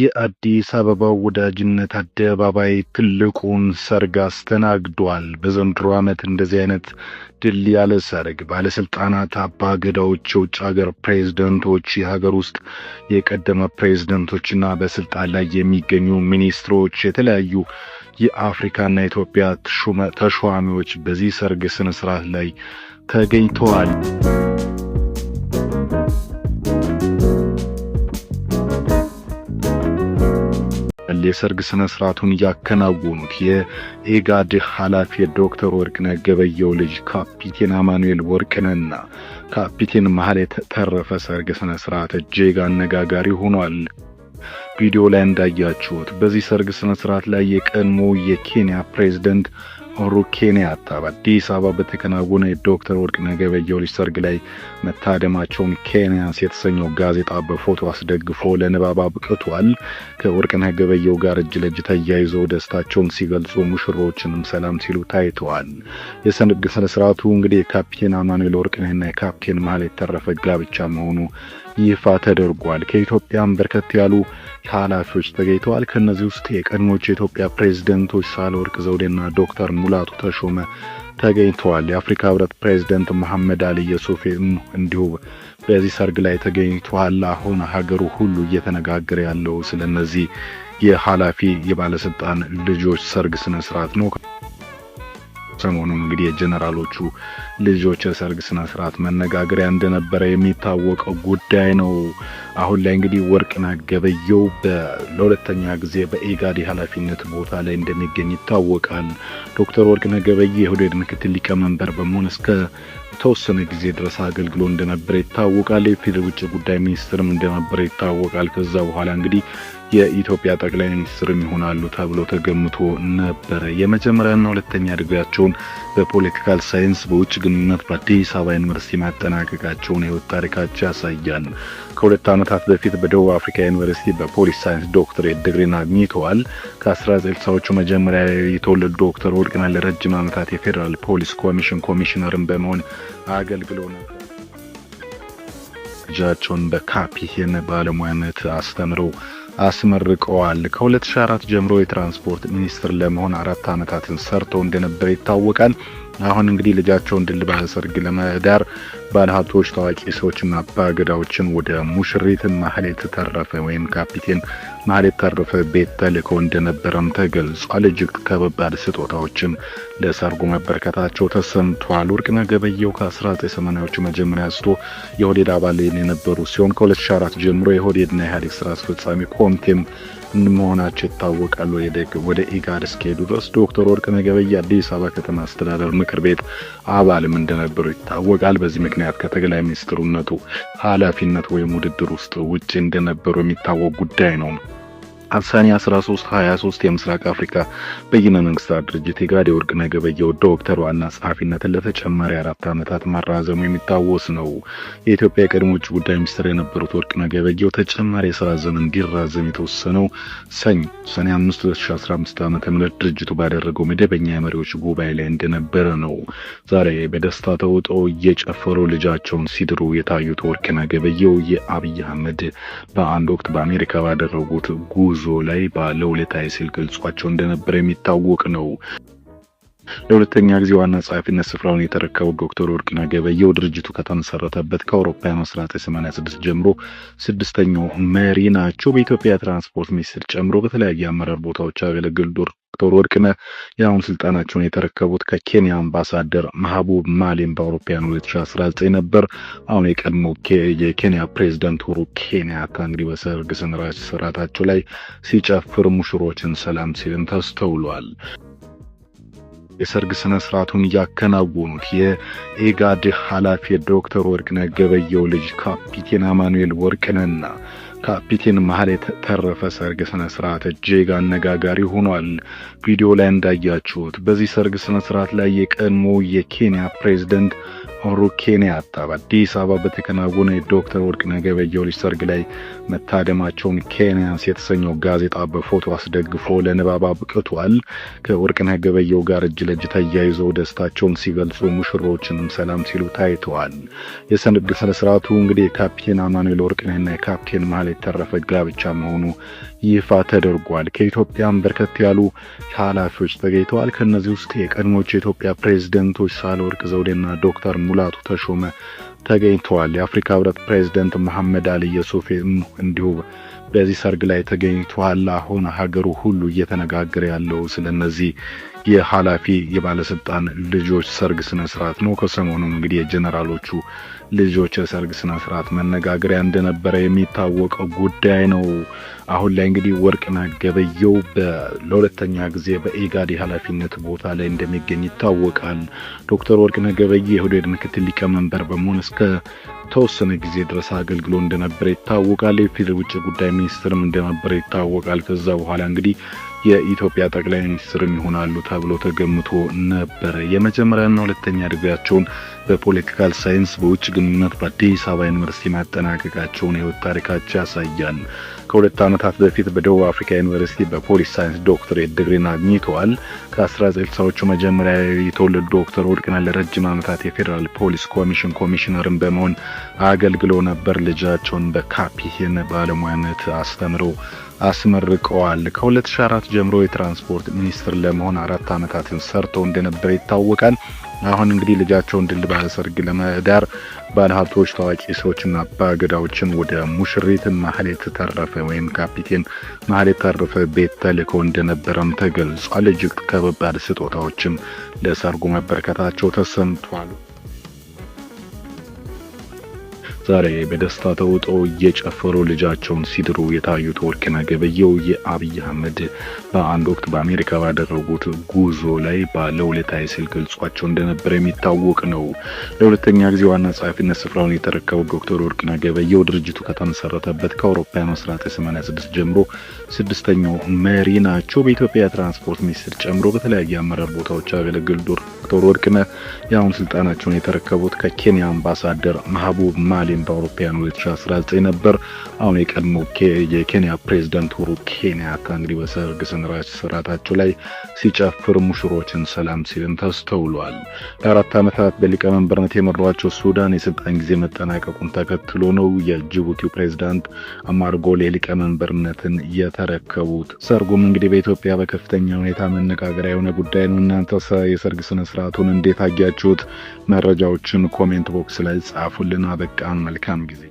የአዲስ አበባው ወዳጅነት አደባባይ ትልቁን ሰርግ አስተናግዷል። በዘንድሮ ዓመት እንደዚህ አይነት ድል ያለ ሰርግ ባለስልጣናት፣ አባ ገዳዎች፣ የውጭ ሀገር ፕሬዝደንቶች፣ የሀገር ውስጥ የቀደመ ፕሬዝደንቶችና በስልጣን ላይ የሚገኙ ሚኒስትሮች፣ የተለያዩ የአፍሪካና የኢትዮጵያ ተሿሚዎች በዚህ ሰርግ ስነስርዓት ላይ ተገኝተዋል። በመቀጠል የሰርግ ስነ ስርዓቱን ያከናወኑት የኤጋድ ኃላፊ ዶክተር ወርቅነህ ገበየው ልጅ ካፒቴን አማኑኤል ወርቅነህና ካፒቴን ማህሌት የተተረፈ ሰርግ ስነ ስርዓት እጅግ አነጋጋሪ ሆኗል። ቪዲዮ ላይ እንዳያችሁት በዚህ ሰርግ ስነ ስርዓት ላይ የቀድሞ የኬንያ ፕሬዝደንት ሩ ኬንያታ በአዲስ አበባ በተከናወነ የዶክተር ወርቅነህ ገበየሁ ልጅ ሰርግ ላይ መታደማቸውን ኬንያንስ የተሰኘው ጋዜጣ በፎቶ አስደግፎ ለንባብ አብቅቷል። ከወርቅነህ ገበየሁ ጋር እጅ ለእጅ ተያይዘው ደስታቸውን ሲገልጹ ሙሽሮችንም ሰላም ሲሉ ታይተዋል። የሰርግ ስነስርዓቱ እንግዲህ የካፕቴን አማኑኤል ወርቅነህና የካፕቴን መሀል የተረፈ ጋብቻ መሆኑ ይፋ ተደርጓል። ከኢትዮጵያም በርከት ያሉ ኃላፊዎች ተገኝተዋል። ከእነዚህ ውስጥ የቀድሞች የኢትዮጵያ ፕሬዝደንቶች ሳህለወርቅ ዘውዴና ዶክተር ሙላቱ ተሾመ ተገኝተዋል። የአፍሪካ ህብረት ፕሬዝደንት መሐመድ አሊ የሱፌም እንዲሁ በዚህ ሰርግ ላይ ተገኝተዋል። አሁን ሀገሩ ሁሉ እየተነጋገረ ያለው ስለነዚህ የኃላፊ የባለስልጣን ልጆች ሰርግ ስነስርዓት ነው። ሰሞኑን እንግዲህ የጀነራሎቹ ልጆች የሰርግ ስነ ስርዓት መነጋገሪያ እንደነበረ የሚታወቀው ጉዳይ ነው። አሁን ላይ እንግዲህ ወርቅነህ ገበየሁ ለሁለተኛ ጊዜ በኢጋድ የኃላፊነት ቦታ ላይ እንደሚገኝ ይታወቃል። ዶክተር ወርቅነህ ገበየሁ የኦህዴድ ምክትል ሊቀመንበር በመሆን እስከ ተወሰነ ጊዜ ድረስ አገልግሎ እንደነበረ ይታወቃል። የፌዴራል ውጭ ጉዳይ ሚኒስትርም እንደነበረ ይታወቃል። ከዛ በኋላ እንግዲህ የኢትዮጵያ ጠቅላይ ሚኒስትርም ይሆናሉ ተብሎ ተገምቶ ነበረ። የመጀመሪያና ሁለተኛ ድግሪያቸውን በፖለቲካል ሳይንስ በውጭ ግንኙነት በአዲስ አበባ ዩኒቨርሲቲ ማጠናቀቃቸውን የህይወት ታሪካቸው ያሳያል። ከሁለት ዓመታት በፊት በደቡብ አፍሪካ ዩኒቨርሲቲ በፖሊስ ሳይንስ ዶክትሬት ድግሪን አግኝተዋል። 1960 ዎቹ መጀመሪያ የተወለዱ ዶክተር ወርቅነህ ለረጅም ዓመታት የፌዴራል ፖሊስ ኮሚሽን ኮሚሽነርን በመሆን አገልግሎ ነበር። ልጃቸውን በካፒቴን ባለሙያነት አስተምረው አስመርቀዋል። ከ2004 ጀምሮ የትራንስፖርት ሚኒስትር ለመሆን አራት ዓመታትን ሰርቶ እንደነበረ ይታወቃል። አሁን እንግዲህ ልጃቸውን ድል ባለሰርግ ለመዳር ባለሀብቶች፣ ታዋቂ ሰዎችና አባገዳዎችን ወደ ሙሽሪትን ማህሌት ተረፈ ወይም ካፒቴን ማህሌት ተረፈ ቤት ተልከው እንደነበረም ተገልጿል። እጅግ ከበባድ ስጦታዎችም ለሰርጉ መበረከታቸው ተሰምቷል። ወርቅነህ ገበየሁ ከ1980ዎቹ መጀመሪያ አንስቶ የሆዴድ አባል የነበሩ ሲሆን ከ2004 ጀምሮ የኦህዴድና ኢህአዴግ ስራ አስፈጻሚ ኮሚቴም መሆናቸው የደግ ወደ ኢጋድ እስከሄዱ ድረስ ዶክተር ወርቅነህ ገበየሁ አዲስ አበባ ከተማ አስተዳደር ምክር ቤት አባልም እንደነበሩ ይታወቃል። በዚህ ምክንያት ምክንያት ከጠቅላይ ሚኒስትሩነቱ ኃላፊነት ወይም ውድድር ውስጥ ውጭ እንደነበሩ የሚታወቅ ጉዳይ ነው። ሰኔ 13 23 የምስራቅ አፍሪካ በይነ መንግስታት ድርጅት የወርቅ ነገበ የወደ ዶክተር ዋና ጸሐፊነትን ለተጨማሪ አራት ዓመታት ማራዘሙ የሚታወስ ነው። የኢትዮጵያ የቀድሞ ውጭ ጉዳይ ሚኒስትር የነበሩት ወርቅ ነገበየው ተጨማሪ የስራ ዘመን እንዲራዘም የተወሰነው ሰኝ ሰኔ 5 2015 ዓ ም ድርጅቱ ባደረገው መደበኛ የመሪዎች ጉባኤ ላይ እንደነበረ ነው። ዛሬ በደስታ ተውጠው እየጨፈሩ ልጃቸውን ሲድሩ የታዩት ወርቅ ነገበየው የአብይ አህመድ በአንድ ወቅት በአሜሪካ ባደረጉት ጉዞ ጉዞ ላይ ባለውለታዬ ሲል ገልጿቸው እንደነበረ የሚታወቅ ነው። ለሁለተኛ ጊዜ ዋና ጸሐፊነት ስፍራውን የተረከቡት ዶክተር ወርቅነህ ገበየሁ ድርጅቱ ከተመሰረተበት ከአውሮፓውያን 1986 ጀምሮ ስድስተኛው መሪ ናቸው። በኢትዮጵያ ትራንስፖርት ሚኒስቴር ጨምሮ በተለያዩ አመራር ቦታዎች ያገለገሉ ዶክተር ወርቅነህ የአሁን ስልጣናቸውን የተረከቡት ከኬንያ አምባሳደር ማህቡብ ማሊም በአውሮፓውያን 2019 ነበር። አሁን የቀድሞ የኬንያ ፕሬዚደንት ሩ ኬንያታ እንግዲህ በሰርግ ስነስርዓታቸው ላይ ሲጨፍር ሙሽሮችን ሰላም ሲልም ተስተውሏል። የሰርግ ስነ ስርዓቱን ያከናወኑት የኤጋድ ኃላፊ ዶክተር ወርቅነህ ገበየው ልጅ ካፒቴን አማኑኤል ወርቅነህና ካፒቴን መሀል የተተረፈ ሰርግ ስነ ስርዓት እጅግ አነጋጋሪ ሆኗል። ቪዲዮ ላይ እንዳያችሁት በዚህ ሰርግ ስነ ስርዓት ላይ የቀድሞ የኬንያ ፕሬዝደንት ኦሮ ኬንያታ በአዲስ አበባ በተከናወነ የዶክተር ወርቅነህ ገበየሁ ልጅ ሰርግ ላይ መታደማቸውን ኬንያንስ የተሰኘው ጋዜጣ በፎቶ አስደግፎ ለንባብ አብቅቷል። ከወርቅነህ ገበየሁ ጋር እጅ ለእጅ ተያይዘው ደስታቸውን ሲገልጹ ሙሽሮችንም ሰላም ሲሉ ታይተዋል። የሰንግ ስነስርዓቱ እንግዲህ የካፕቴን አማኑኤል ወርቅነህና የካፕቴን የተረፈ ተረፈ ጋብቻ መሆኑ ይፋ ተደርጓል። ከኢትዮጵያም በርከት ያሉ ኃላፊዎች ተገኝተዋል። ከእነዚህ ውስጥ የቀድሞቹ የኢትዮጵያ ፕሬዚደንቶች ሳህለወርቅ ዘውዴና ዶክተር ሙላቱ ተሾመ ተገኝተዋል። የአፍሪካ ህብረት ፕሬዝደንት መሐመድ አሊ የሱፍ እንዲሁ በዚህ ሰርግ ላይ ተገኝተዋል። አሁን ሀገሩ ሁሉ እየተነጋገረ ያለው ስለነዚህ የኃላፊ የባለስልጣን ልጆች ሰርግ ስነስርዓት ነው። ከሰሞኑም እንግዲህ የጀነራሎቹ ልጆች የሰርግ ስነስርዓት መነጋገሪያ እንደነበረ የሚታወቀው ጉዳይ ነው። አሁን ላይ እንግዲህ ወርቅነህ ገበየሁ ለሁለተኛ ጊዜ በኢጋድ የኃላፊነት ቦታ ላይ እንደሚገኝ ይታወቃል። ዶክተር ወርቅነህ ነገበየ የሁዴድ ምክትል ሊቀመንበር በመሆን እስከ ተወሰነ ጊዜ ድረስ አገልግሎ እንደነበረ ይታወቃል። የፌዴራል ውጭ ጉዳይ ሚኒስትርም እንደነበረ ይታወቃል። ከዛ በኋላ እንግዲህ የኢትዮጵያ ጠቅላይ ሚኒስትርም ይሆናሉ ተብሎ ተገምቶ ነበረ። የመጀመሪያና ሁለተኛ ድግሪያቸውን በፖለቲካል ሳይንስ በውጭ ግንኙነት በአዲስ አበባ ዩኒቨርሲቲ ማጠናቀቃቸውን የህይወት ታሪካቸው ያሳያል። ከሁለት ዓመታት በፊት በደቡብ አፍሪካ ዩኒቨርሲቲ በፖሊስ ሳይንስ ዶክትሬት ድግሪን አግኝተዋል። ከ1960ዎቹ መጀመሪያ የተወለዱ ዶክተር ወድቅና ለረጅም ዓመታት የፌዴራል ፖሊስ ኮሚሽን ኮሚሽነርን በመሆን አገልግሎ ነበር። ልጃቸውን በካፒህን ባለሙያነት አስተምሮ አስመርቀዋል። ከ2004 ጀምሮ የትራንስፖርት ሚኒስትር ለመሆን አራት ዓመታትን ሰርቶ እንደነበረ ይታወቃል። አሁን እንግዲህ ልጃቸውን ድል ባለ ለመዳር ባለሀብቶች፣ ታዋቂ ሰዎችና አባገዳዎችን ወደ ሙሽሪት ማህሌት ተረፈ ወይም ካፒቴን ማህሌት ተረፈ ቤት ተልኮ እንደነበረም ተገልጿል። እጅግ ከባድ ስጦታዎችም ለሰርጉ መበረከታቸው ተሰምቷል። ዛሬ በደስታ ተውጠው እየጨፈሩ ልጃቸውን ሲድሩ የታዩት ወርቅነህ ገበየሁ የአብይ አህመድ በአንድ ወቅት በአሜሪካ ባደረጉት ጉዞ ላይ ባለውለታዬ ሲል ገልጿቸው እንደነበረ የሚታወቅ ነው። ለሁለተኛ ጊዜ ዋና ጸሐፊነት ስፍራውን የተረከቡት ዶክተር ወርቅነህ ገበየሁ ድርጅቱ ከተመሰረተበት ከአውሮፓውያኑ 1986 ጀምሮ ስድስተኛው መሪ ናቸው። በኢትዮጵያ ትራንስፖርት ሚኒስትር ጨምሮ በተለያየ አመራር ቦታዎች ያገለገሉ ዶክተር ወርቅነህ የአሁን ስልጣናቸውን የተረከቡት ከኬንያ አምባሳደር ማህቡብ ማሌ እንግዲህ በአውሮፓውያኑ 2019 ነበር። አሁን የቀድሞ የኬንያ ፕሬዚደንት ሁሩ ኬንያታ እንግዲህ በሰርግ ስርዓታቸው ላይ ሲጨፍር ሙሽሮችን ሰላም ሲልም ተስተውሏል። ለአራት ዓመታት በሊቀመንበርነት የመሯቸው ሱዳን የስልጣን ጊዜ መጠናቀቁን ተከትሎ ነው የጅቡቲው ፕሬዚዳንት አማርጎል የሊቀመንበርነትን የተረከቡት። ሰርጉም እንግዲህ በኢትዮጵያ በከፍተኛ ሁኔታ መነጋገሪያ የሆነ ጉዳይ ነው። እናንተ የሰርግ ስነስርዓቱን እንዴት አያችሁት? መረጃዎችን ኮሜንት ቦክስ ላይ ጻፉልን። አበቃም። መልካም ጊዜ